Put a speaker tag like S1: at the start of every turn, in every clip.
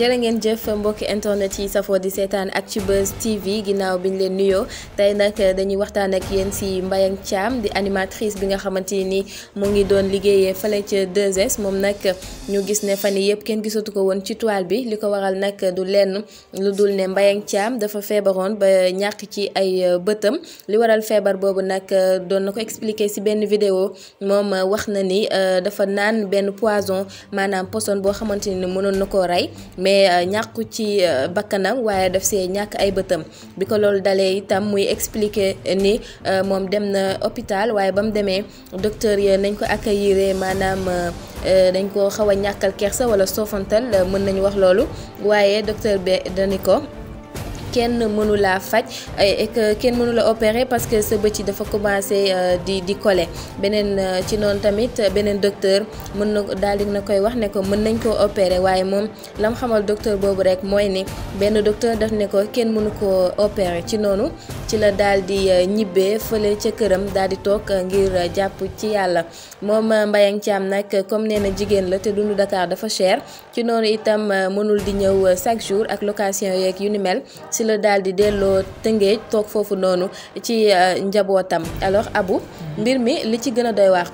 S1: jërë ngeen jëf mbokki internet yi safoo di seetaan ak ci Actubuzz TV ginnaaw bi ñu leen nuyoo tey nag dañuy waxtaan ak yéen si Mbayang Thiam di animatrice bi nga xamante ni mu ngi doon liggéeyee fële ca 2 moom nag ñu gis ne fan yii yëpp kenn gisatu ko woon ci toil bi li ko waral nag du lenn lu dul ne Mbayang Thiam dafa feebaroon ba ñàkk ci ay euh, bëtam li waral feebar boobu nag euh, doon na ko expliquer si benn vidéo moom euh, wax na ni dafa naan benn poison maanaam poison boo xamante ni mënoon na koo rey. mais euh, ñàkku ci euh, bakkanam waaye def see ñàkk ay bëtam bi ko loolu dalee itam muy expliquer ni euh, moom dem na hôpital waaye ba mu demee docteur ya nañ ko accueillir maanaam dañ ko xaw a ñàkkal kersa wala soofantal mën nañu wax loolu waaye docteur bi dani ko kenn mënu laa faj et kenn mënula la opérer parce que sa bëcc dafa commencé euh, di di coller beneen euh, ci noonu tamit beneen docteur mën na daal di koy wax ne ko mën nañ koo opérer waaye moom lam xamal docteur boobu rek mooy ni benn docteur daf ne ko kenn mënu koo opérer ci noonu ci la daal di euh, ñibbe fële ca këram daal di toog ngir jàpp ci yàlla moom Mbayang Thiam nag comme nee na jigéen la te dundu Dakar dafa cher ci noonu itam mënul di ñëw chaque jour ak location yeeg yu ni mel si la daal di delloo Tëngéej toog foofu noonu ci euh, njabootam alors abu mbir mi li ci gën a doy waax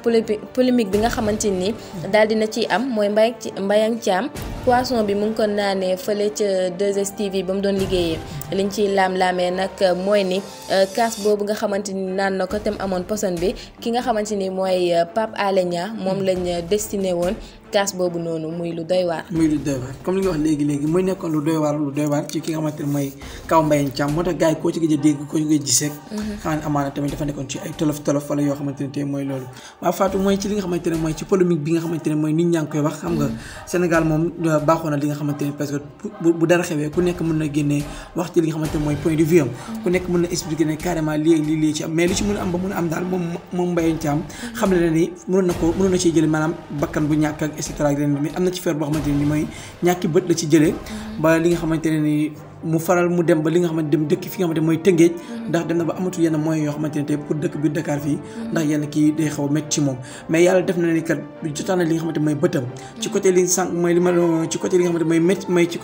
S1: polémique bi nga xamante ni daal na ciy am mooy mbay mbayang ci am poisson bi mu ngi ko naanee fële ca 2STV ba mu doon liggéeyee liñ ciy laam-laamee nag mooy ni kaas euh, boobu nga xamante ni naan na ko tem amoon poison bi ki nga xamante ni mooy euh, Pape Alé Niang moom lañ euh, destiné woon kaas boobu noonu muy lu doy waar.
S2: muy lu doy waar comme léegi léegi muy nekkoon lu doy waar lu doy waar ci ki nga xamante ne mooy kaw moo tax gars koo ci gëj a dégg koo ci gëj a gis rek. Mm-hmm. amaana tamit dafa nekkoon ci ay tolof tolof wala yoo xamante ne tey mooy loolu waaw Fatou mooy ci li nga xamante ne mooy ci polémique bi nga xamante ne mooy nit ñaa koy wax xam nga Sénégal moom euh, baaxoo li nga xamante ne mooy point de vue am mais li ci mën a am ba mën a am daal moom moom mbayen am xam ne ni na ko mënoon na ci jële maanaam bakkan bu ñàkk ak et cetera mais am na ci feer boo xamante ne mooy ñàkki bët la ci jëlee ba li nga xamante ne mu faral mu dem ba li nga xamante dem dëkk fi nga xamante mooy tëngéej mm-hmm. ndax dem na ba amatul yenn moyens yoo xamante ne tey pour dëkk biir Dakar fii mm-hmm. ndax yenn kii day xaw a moom mais na ni kat na li nga xamante mooy bëtam mm-hmm. ci côté li sànq mooy li ma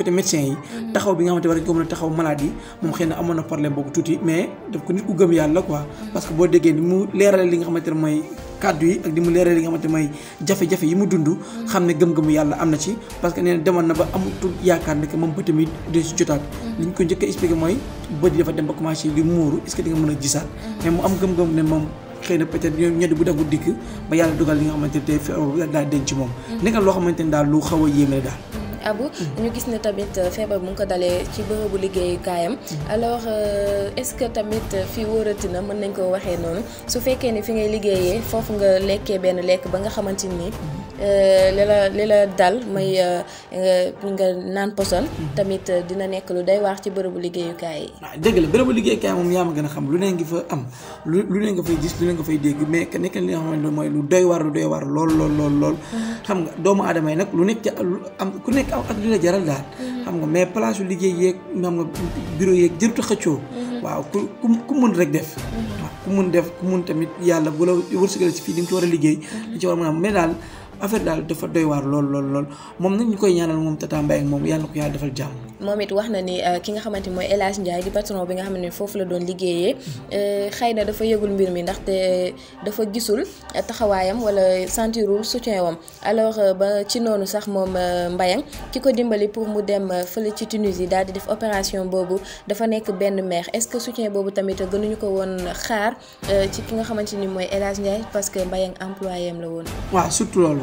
S2: médecin yi taxaw bi nga xamante war nañ ko mën a taxaw malade yi moom xëy na amoon na problème boobu tuuti mais daf ko nit ku gëm yàlla quoi parce que boo déggee ni mu leerale li nga xamante ne mooy kàddu yi ak di mu leeral li nga xamante mooy jafe-jafe yi mu dund xam ne gëm-gëmu yàlla am na ci parce que neen na na ba amatul yaakaar ne que moom bëtam yi dina si jotaat li ñu ko njëkk a expliqué mooy bët yi dafa dem ba commencé di muuru est-ce que di nga mën a gisaat mais mu am gëm-gëm ne moom xëy na peut-être ñoom ñedd bu daggu dikk ba yàlla dugal li nga xamante ne tey daal denc moom mm. nekk loo xamante ne daal lu xaw a yéeme daal
S1: Abou ñu gis ne tamit euh, feebar bu ngi ko dalee ci bërëbu liggéeyukaayam alors euh, est-ce que tamit euh, fii wóorati na mën nañ ko waxee noonu su fekkee ni fi ngay liggéeyee foofu nga lekkee benn lekk ba nga xamante nii Euh, li la li la dal may euh, nga naan poson tamit euh, dina nekk lu day waax ci bërëbu liggéeyukaay yi. waaw
S2: ah, dëgg la bërëbu liggéeyukaay moom yaa ma gën a xam lu ne nga fa am lu lu ne nga fay gis lu ne nga fay dégg mais que nekk na lu doy waar lu doy lool lool lool lool. Mm-hmm. xam nga doomu aadama yi nag lu nekk ci am ku nekk ak li la jaral daal. Mm-hmm. xam nga mais place su liggéey yeeg xam nga bureau yeeg jërtu xëccoo. Mm-hmm. waaw ku ku mën rek def. waaw ku mën def ku mën tamit yàlla bu la wërsëgal fii di nga ci war a liggéey. di ci war a mën a daal affaire daal dafa doy waar lool lool lool moom nag ñu koy ñaanal moom Tata Mbaye ak moom yàlla ko yàlla defal jàmm.
S1: moom it wax na ni euh, ni mooy El Hadj Ndiaye di patron bi nga xam ne foofu la doon liggéeyee euh, xëy na dafa yëgul mbir mi ndaxte euh, dafa gisul taxawaayam wala sentirul soutien wam alors ba ci noonu sax moom Mbayang ki ko dimbali pour mu dem fële ci yi daal di def opération boobu dafa nekk benn maire est-ce que soutien boobu tamit gënuñu ko woon xaar ci ki nga xamante ni mooy El Hadj Ndiaye parce que Mbayang employé am la woon.
S2: waaw surtout loolu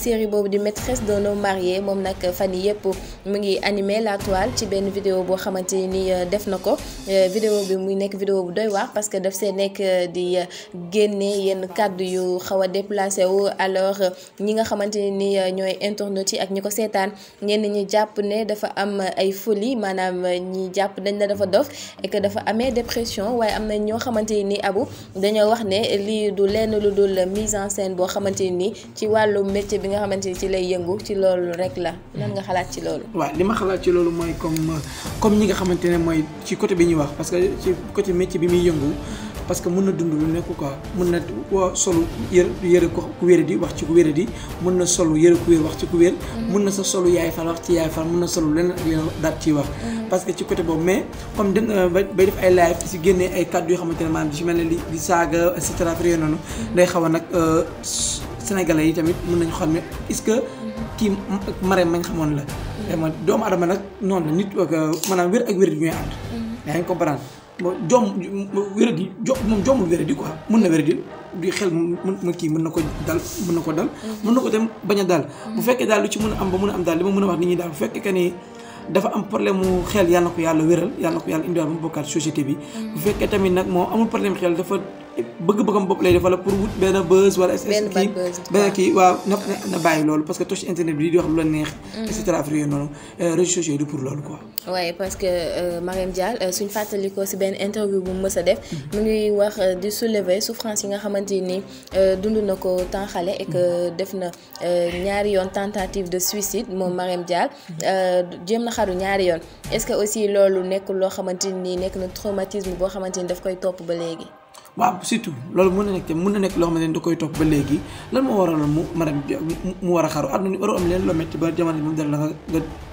S1: série boobu di maîtresse d'un homme moom nag fan yi yëpp mu ngi animé la toile ci benn vidéo boo xamante ni euh, def na ko euh, vidéo bi muy nekk vidéo bu doy waar parce que daf see nekk euh, di génne yenn kàddu yu xaw a déplacé wu alors ñi nga xamante ni ñooy internautes yi ak ñi ko seetaan ñenn ñi jàpp ne dafa am ay foli maanaam ñi jàpp dañ la dafa dof et dafa amee dépression waaye am na ñoo xamante nii abu dañoo wax ne lii du lenn lu dul mise en scène boo xamante ni bi nga xamante ni ci lay yëngu ci loolu rek la nan nga xalaat ci loolu
S2: waaw li ma xalaat ci loolu mooy comme comme ñi nga xamante ne mooy ci côté bi ñuy wax parce que ci côté métier bi muy yëngu parce que mën na dund lu nekk quoi mën na solu yër yëre ku wér di wax ci ku wér di mën na solu yëre ku wax ci ku wér na sa solu yaay fal wax ci yaay fal na solu leneen daal ciy wax mm-hmm. parce que ci côté boobu mais comme dem bay def ay live si génnee ay kàddu yoo xamante ne maanaam di si mel ne li di saaga et cetera noonu mm-hmm. day xaw a nag euh, sénégalais yi tamit mën nañu xam ne est-ce que kii Marème mañ xamoon la dama doomu adama nag noon la nit euh, maanaam wér ak wér di ñooy ànd yaa ngi comprendre bon joom wér di jo moom joomul wér di quoi mën na wér di du xel mu kii mën na ko dal mën na ko dal mën na ko dem bañ a bu fekkee daal lu ci mën a am ba mën a am daal li ma mën a wax nit ñi daal bu fekkee que ni dafa am problème mu xel yàlla na ko yàlla wéral yàlla na ko yàlla indiwaat ba mu bokkaat société bi bu fekkee tamit nag moom amul problème xel dafa bëgg-bëggam bopp lay def wala pour wut benn buzz wala waaw na na bàyyi loolu parce que toog ci internet bi di wax mhm. euh, pour loolu quoi
S1: waaye parce que euh, Mariam Dial euh, suñ fàttalikoo si benn interview bu mu mës a def mhm. mu ngi wax di yi nga xamante ni dund na ko tant mhm. def na ñaari yoon tentative de suicide moom Mariam Dial jéem na xaru ñaari yoon est-ce que aussi loolu nekk loo xamante ni nekk na traumatisme boo xamante ni daf koy topp ba léegi
S2: waaw surtout loolu mën na nekk te mën na nekk loo xamante ne da koy topp ba léegi lan moo waraloon mu maanaam mu war a xaru àdduna ni waru am leen loo métti ba jamono bi moom dara la nga nga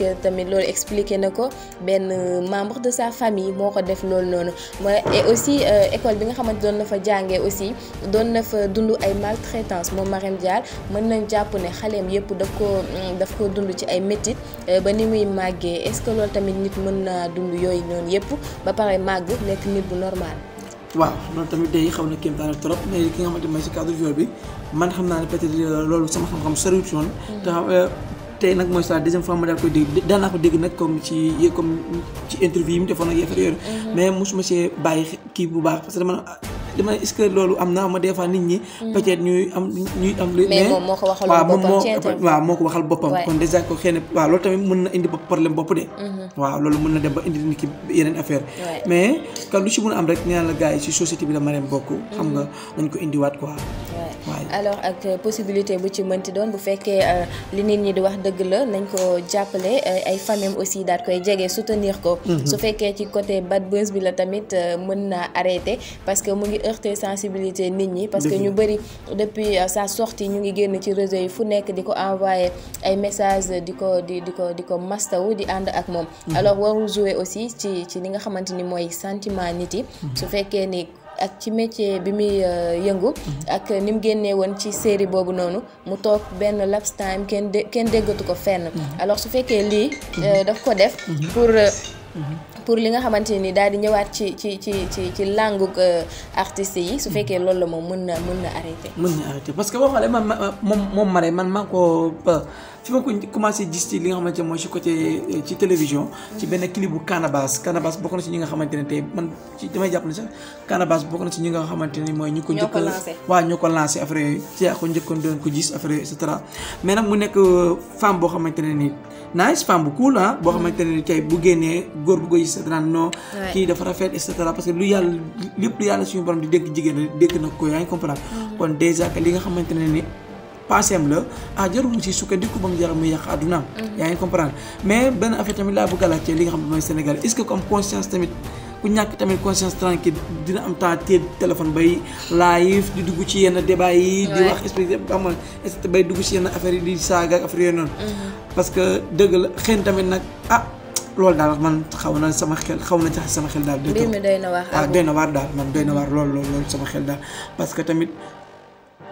S1: que tamit loolu expliqué na ko benn membre de sa famille moo ko def loolu noonu mooy et aussi euh, école bi nga xamante doon na fa jàngee aussi doon na fa dund ay maltraitance moom Marème jaar mën nañ jàpp ne xaleem yëpp daf ko mm, daf ko dund ci ay métit euh, ba ni muy màggee est-ce que loolu tamit nit mën naa dund yooyu noonu yëpp ba pare màgg nekk nit bu normal
S2: waaw loolu tamit day xaw na kéem bi man xam naa ne peut euh, loolu sama xam-xam soriwul tey nag mooy sa deuxième fois ma daal koy dégg daan naa ko dégg nag comme ci comme ci interview yi mu defoon ak yëpp yooyu mm-hmm. mais mosuma see bàyyi kii bu baax parce que dama dama est-ce que loolu am na ma des fois nit ñi. Mm. peut-être ñuy am ñuy am. lu mais moom moo ko waxal boppam waaw moo ko waxal boppam. kon déjà ko xëy na waaw loolu tamit mën na indi bopp problème bopp de. Mm-hmm. waaw loolu mën na dem ba indi nit ki yeneen affaire mais kon lu ci mën a am rek ñaan la gars yi ci société bi la Marème bokk. xam nga mm-hmm. nañ ko indiwaat quoi. waaw
S1: alors ak euh, possibilité bu ci mënti doon bu fekkee euh, li nit ñi di wax dëgg la nañ ko jàppale euh, ay famille aussi daal koy jege soutenir ko. Mm-hmm. su fekkee ci côté bad buzz bi la tamit mën naa arrêter parce que mu ngi day heurter sensibilité nit ñi parce que ñu bëri depuis euh, sa sortie ñu ngi génn ci réseau yi fu nekk di ko envoyé ay message di ko di di ko di ko mastaw di ànd ak moom mhm. alors warul jouer aussi ci ci li nga xamante ni mooy sentiment nit yi mhm. su fekkee ni ak ci métier bi muy euh, yëngu mhm. ak ni mu génnee woon ci série boobu noonu mu toog benn laps time kenn kenn déggatu ko fenn alors su fekkee lii euh, daf ko def pour pour li nga xamante ni daal di ñëwaat ci ci ci ci ci langue euh, artistes yi. su mm. fekkee loolu la moom mën na mën na arrêté.
S2: mën na arrêté parce que boo xoolee man moom moom ma man maa ko. Euh, fi ma ko commencé gis ci li nga xamante ne mooy ci côté euh, ci télévision. ci benn clip bu Canabasse Canabasse bokk na ci ñi nga xamante ne tey man ci damay jàpp ne sax Canabasse bokk na ci ñi xamante ne mooy. ñu ko njëkk a ko lancé affaire yooyu. ci yaa ko njëkkoon doon ko gis affaire yooyu et cetera mais mu nekk euh, femme boo xamante ne nii nice femme bu cool ah. boo xamante ne nii tey bu génnee góor bu ko gis et cetera non. kii dafa rafet et cetera parce que lu yàlla lu yàlla suñu borom di dénk jigéen rek dénk na ko yaa ngi comprendre mm-hmm. kon déjà li nga xamante ne nii passeem la ah jarul mu si sukkandiku ba mu jaral mu yàq àddunaam mhm. yaa ngi comprendre a laajte li nga xam ne mooy Sénégal est-ce que comme conscience tamit ku ñàkk tamit conscience tranquille dina am temps téye bay live di dugg ci yenn débat yi di wax expliqué xam nga est-ce que bay dugg yi di saaga ak affaire yooyu noonu mhm. parce que dëgg la xëy tamit nag ah loolu daal man xaw na sama xel xaw na jaxase sama xel daal. mbir mi
S1: doy na waar ah,
S2: waaw daal man doy na waar lool lool lool sama xel daal parce que tamit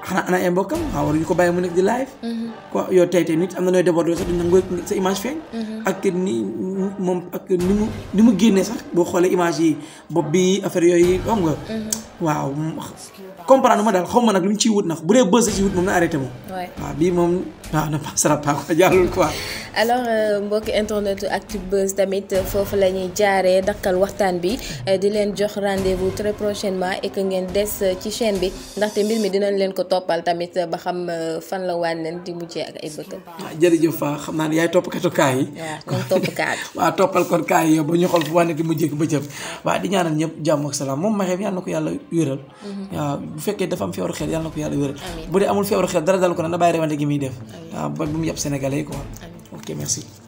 S2: xanaa ana ay mbokkam waaw waruñu ko bàyyi mu nekk di live. Mm-hmm. quoi tey tey nit am na nooy débordé sax dina nangu sa image feeñ. Mm-hmm. ak ni moom ak ni mu ni mu génnee sax boo xoolee image yi bopp bi affaire yooyu xam nga. Mm-hmm. waaw comprendre ma daal xaw ma nag lu mu ciy wut na bu dee bës ci wut moom na arrêté moom. waaw bii moom waaw na pas sera pas quoi jàllul quoi.
S1: alors euh, mbokki internet Actubuzz tamit foofu la ñuy jaaree dakkal waxtaan bi euh, di leen jox rendez bu très prochainement ek ngeen des euh, ci chain bi ndaxte mbir mi dinañ leen ko toppal tamit ba xam fan la waan leen di mujjee ak ay bëgg. Ah,
S2: jërëjëf Faa xam naa ne yaay toppkatu kaa yi. waaw
S1: ñoom topp kaa
S2: toppal kon kaa yi yow ñu xool fu wane di mujjee ak bëccëg waaw di ñaanal ñëpp jàmm ak salaam moom Marème yàlla na ko yàlla wéral. Mhm. waaw bu fekkee dafa am feebaru xel yàlla na ko yàlla wéral. bu dee amul feebaru xel dara dal ko na na bàyyi rewante gi muy def. waaw ba bu mu yàpp sénégalais quoi ok merci